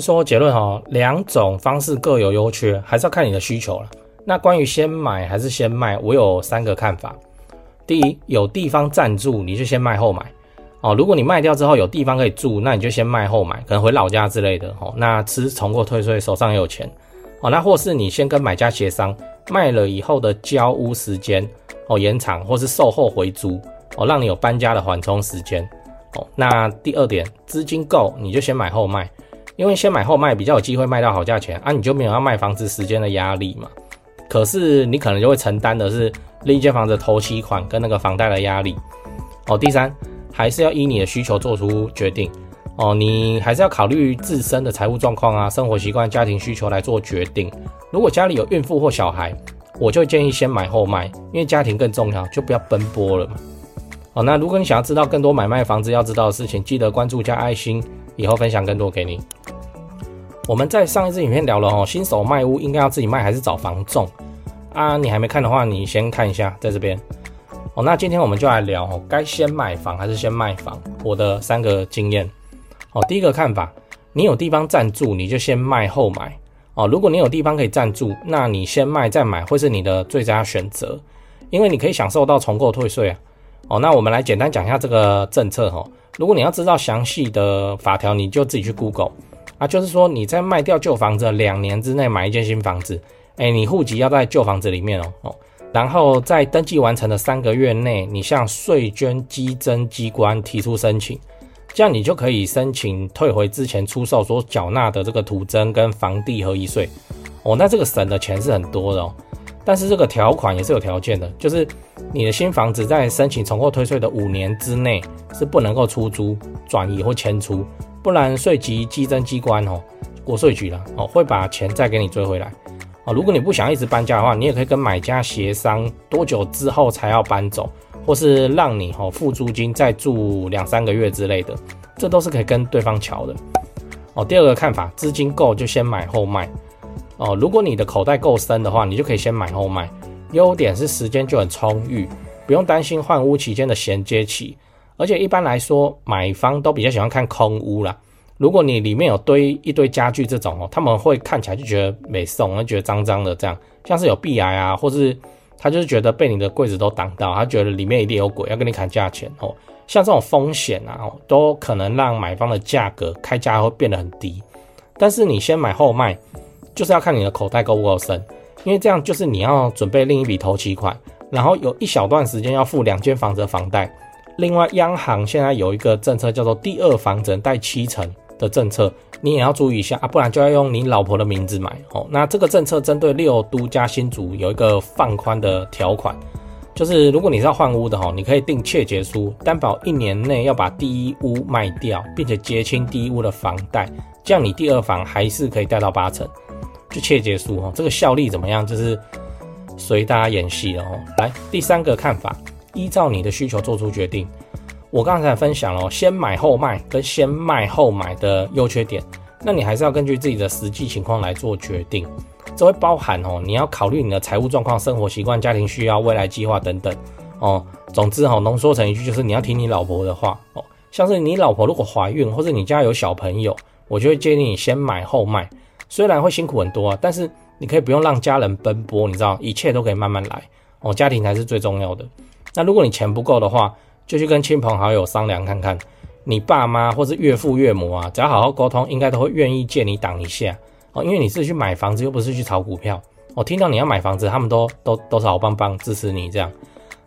說結論哦，兩種方式各有優缺，還是要看你的需求了。那關於先買還是先賣，我有三個看法。第一，有地方暫住，你就先賣後買哦。如果你賣掉之後有地方可以住，那你就先賣後買，可能回老家之類的哦。那吃重購退稅，手上也有錢哦。那或是你先跟買家協商，賣了以後的交屋時間哦延長，或是售後回租哦，讓你有搬家的緩衝時間哦。那第二點，資金夠你就先買後賣。因為先買後賣比較有機會賣到好價錢啊，你就沒有要賣房子時間的壓力嘛。可是你可能就會承擔的是另一間房子的頭期款跟那個房貸的壓力。哦，第三還是要依你的需求做出決定。哦，你還是要考慮自身的財務狀況啊、生活習慣、家庭需求來做決定。如果家裡有孕婦或小孩，我就建議先買後賣，因為家庭更重要，就不要奔波了嘛。哦，那如果你想要知道更多買賣房子要知道的事情，記得關注加愛心，以後分享更多給你。我們在上一支影片聊了哦，新手賣屋應該要自己賣還是找房仲啊？你還沒看的話，你先看一下，在這邊哦。那今天我們就來聊，哦，該先買房還是先賣房？我的三個經驗哦。第一個看法，你有地方暫住，你就先賣後買哦。如果你有地方可以暫住，那你先賣再買會是你的最佳選擇，因為你可以享受到重購退稅啊。哦，那我們來簡單講一下這個政策哈，哦。如果你要知道詳細的法條，你就自己去 Google。啊，就是說你在賣掉舊房子兩年之內買一間新房子，誒、欸、你戶籍要在舊房子裡面哦，然後在登記完成的三個月內，你向稅捐稽徵機關提出申請，這樣你就可以申請退回之前出售所繳納的這個土增跟房地合一稅哦。那這個省的錢是很多的哦，但是這個條款也是有條件的，就是你的新房子在申請重購退稅的五年之內是不能夠出租、轉移或遷出。不然稅局稽徵機關吼國稅局了哦，會把錢再給你追回來哦。如果你不想一直搬家的話，你也可以跟買家協商多久之後才要搬走，或是讓你哦付租金再住兩三個月之類的，這都是可以跟對方喬的哦。第二個看法，資金夠就先買後賣哦。如果你的口袋夠深的話，你就可以先買後賣，優點是時間就很充裕，不用擔心換屋期間的銜接期。而且一般來說，買方都比較喜歡看空屋啦。如果你裡面有堆一堆家具這種哦，他們會看起來就覺得沒送，會覺得髒髒的這樣。像是有壁癌啊，或是他就是覺得被你的櫃子都擋到，他覺得裡面一定有鬼，要跟你砍價錢哦。像這種風險啊，都可能讓買方的價格開價會變得很低。但是你先買後賣，就是要看你的口袋夠不夠深，因為這樣就是你要準備另一筆頭期款，然後有一小段時間要付兩間房子的房貸。另外，央行現在有一個政策叫做“第二房只能貸七成”的政策，你也要注意一下啊，不然就要用你老婆的名字買哦。那這個政策針對六都加新竹有一個放寬的條款，就是如果你是要換屋的哈，你可以定切結書，擔保一年內要把第一屋賣掉，並且結清第一屋的房貸，這樣你第二房還是可以貸到八成。就切結書哈，這個效力怎麼樣？就是隨大家演戲了哦。來，第三個看法。依照你的需求做出決定。我剛才分享了先買後賣跟先賣後買的優缺點，那你還是要根據自己的實際情況來做決定。這會包含哦，你要考慮你的財務狀況、生活習慣、家庭需要、未來計劃等等哦。總之哦，濃縮成一句就是你要聽你老婆的話哦。像是你老婆如果懷孕，或者你家有小朋友，我就會建議你先買後賣。雖然會辛苦很多啊，但是你可以不用讓家人奔波，你知道一切都可以慢慢來哦。家庭才是最重要的。那如果你錢不夠的話，就去跟親朋好友商量看看，你爸媽或是岳父岳母啊，只要好好溝通，應該都會願意借你擋一下哦。因為你是去買房子，又不是去炒股票。我、哦、聽到你要買房子，他們都都都是好棒棒支持你這樣。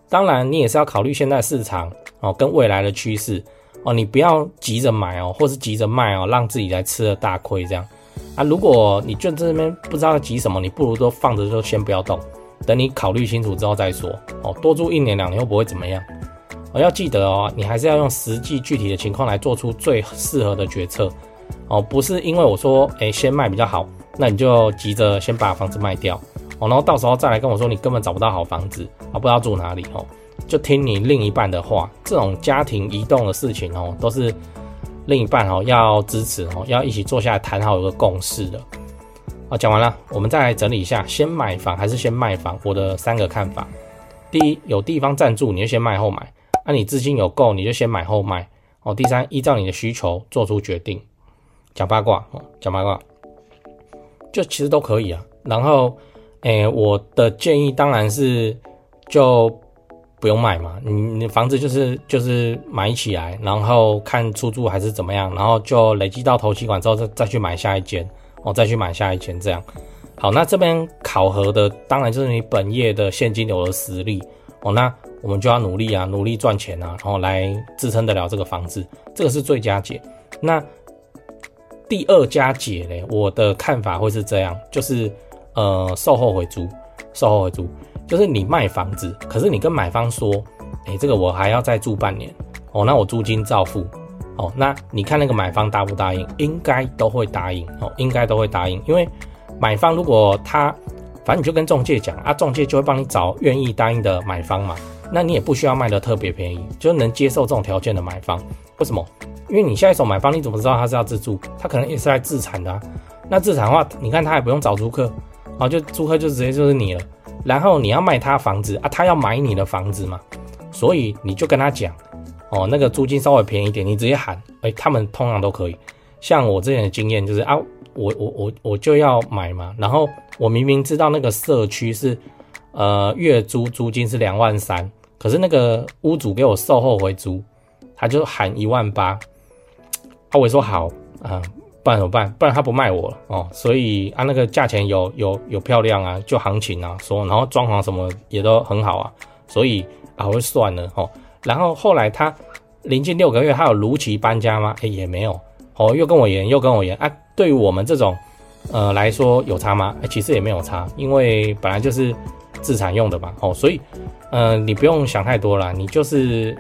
當然，你也是要考慮現在市場哦，跟未來的趨勢哦，你不要急着買哦，或是急着賣哦，讓自己來吃了大虧這樣。啊，如果你就在這邊不知道要急什麼，你不如都放着，就先不要動。等你考慮清楚之後再說哦，多住一年兩年又不會怎麼樣。要記得哦，你還是要用實際具體的情況來做出最適合的決策哦，不是因為我說，哎、欸，先賣比較好，那你就急着先把房子賣掉哦，然後到時候再來跟我說你根本找不到好房子啊，不知道住哪裡哦，就聽你另一半的話，這種家庭移動的事情哦，都是另一半哦要支持哦，要一起坐下來談好一個共識的。好，講完了，我們再來整理一下：先買房還是先賣房？我的三個看法。第一，有地方暫住，你就先賣後買；那、啊、你資金有夠，你就先買後賣。哦，第三，依照你的需求做出決定。講八卦哦，講八卦，就其實都可以啊。然後，誒、欸、我的建議當然是就不用賣嘛你，你房子就是就是買起來，然後看出租還是怎麼樣，然後就累積到頭期款之後再再去買下一間。哦，再去買下一間這樣，好，那這邊考核的當然就是你本業的現金流的實力哦，那我們就要努力啊，努力賺錢啊，然、哦、後來支撐得了這個房子，這個是最佳解。那第二佳解呢？我的看法會是這樣，就是呃售後回租，售後回租，就是你賣房子，可是你跟買方說，誒、欸、這個我還要再住半年，哦，那我租金照付。哦，那你看那個買方答不答應？應該都會答應哦，應該都會答應，因為買方如果他，反正你就跟中介講啊，中介就會幫你找願意答應的買方嘛。那你也不需要賣的特別便宜，就能接受這種條件的買方。為什麼？因為你下一手買方你怎麼知道他是要自住？他可能也是來自產的啊。那自產的話，你看他也不用找租客，啊，就租客就直接就是你了。然後你要賣他房子啊，他要買你的房子嘛，所以你就跟他講。哦，那個租金稍微便宜一點，你直接喊，哎、欸，他們通常都可以。像我之前的經驗就是啊，我我我我就要買嘛，然後我明明知道那個社區是，呃，月租租金是兩萬三，可是那個屋主給我售後回租，他就喊一萬八，啊，我說好啊，不然怎麼辦？不然他不賣我了哦。所以啊，那個價錢有有有漂亮啊，就行情啊說，然後裝潢什麼也都很好啊，所以啊，我就算了哦。然後後來他臨近六個月，他有如期搬家嗎？哎，也沒有。哦，又跟我延，又跟我延。哎、啊，對於我們這種呃來說，有差嗎？誒，其實也沒有差，因為本來就是自產用的嘛。哦，所以、呃、你不用想太多了啦，你就是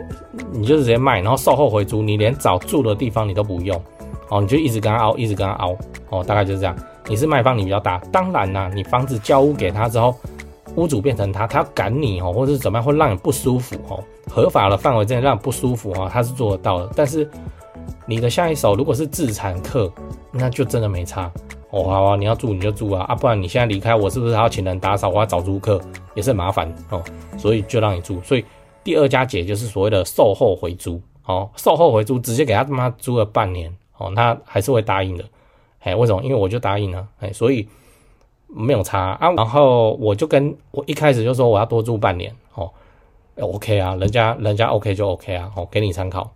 你就是直接賣，然後售後回租，你連找住的地方你都不用。哦，你就一直跟他拗，一直跟他拗。哦，大概就是這樣。你是賣方，你比較大。當然啦，你房子交屋給他之後。屋主變成他，他趕你哦，或者是怎麼樣，會讓你不舒服哦。合法的範圍之內讓你不舒服哦，他是做得到的。但是你的下一手如果是置產客，那就真的沒差哦。好啊，你要住你就住啊，啊，不然你現在離開，我是不是要請人打掃？我要找租客也是很麻煩哦。所以就讓你住。所以第二家姐就是所謂的售後回租哦，售後回租直接給他媽租了半年哦，他還是會答應的。誒，為什麼？因為我就答應呢。哎，所以。沒有差啊，然後我就跟我一開始就說我要多住半年哦，OK 啊，人家人家 OK 就 OK 啊，哦，給你參考。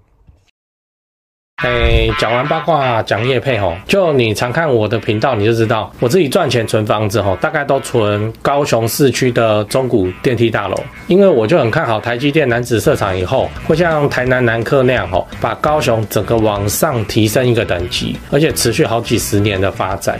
哎，講完八卦講業配。吼、哦，就你常看我的頻道你就知道，我自己賺錢存房子吼、哦，大概都存高雄市區的中古電梯大樓，因為我就很看好台積電楠梓設廠以後會像台南南科那樣吼、哦，把高雄整個往上提升一個等級，而且持續好幾十年的發展。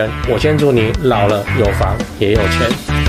我先祝你老了有房也有錢。